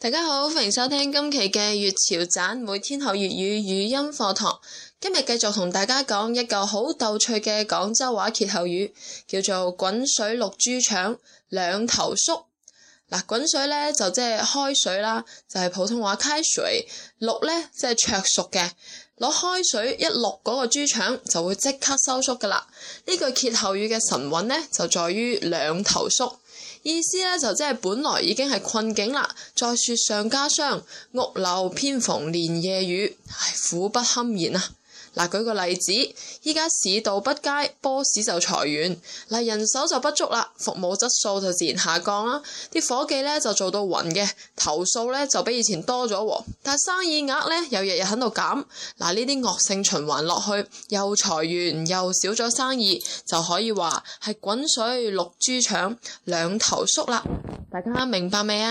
大家好，歡迎收聽今期嘅粵潮盞，每天學粵語語音課堂。今日繼續同大家講一個好逗趣嘅廣州話歇後語，叫做滾水渌豬腸，兩頭縮。嗱，滾水咧就即、是、係開水啦，就係、是、普通話開水。渌咧即係灼熟嘅，攞開水一渌嗰個豬腸就會即刻收縮噶啦。呢句歇後語嘅神韻咧就在於兩頭縮，意思咧就即、是、係本來已經係困境啦，再雪上加霜，屋漏偏逢連夜雨，唉，苦不堪言啊！嗱，舉個例子，依家市道不佳，boss 就裁員，嗱人手就不足啦，服務質素就自然下降啦。啲夥計咧就做到暈嘅，投訴咧就比以前多咗喎。但係生意額咧又日日喺度減，嗱呢啲惡性循環落去，又裁員又少咗生意，就可以話，係滾水淥豬腸兩頭縮啦。大家明白未啊？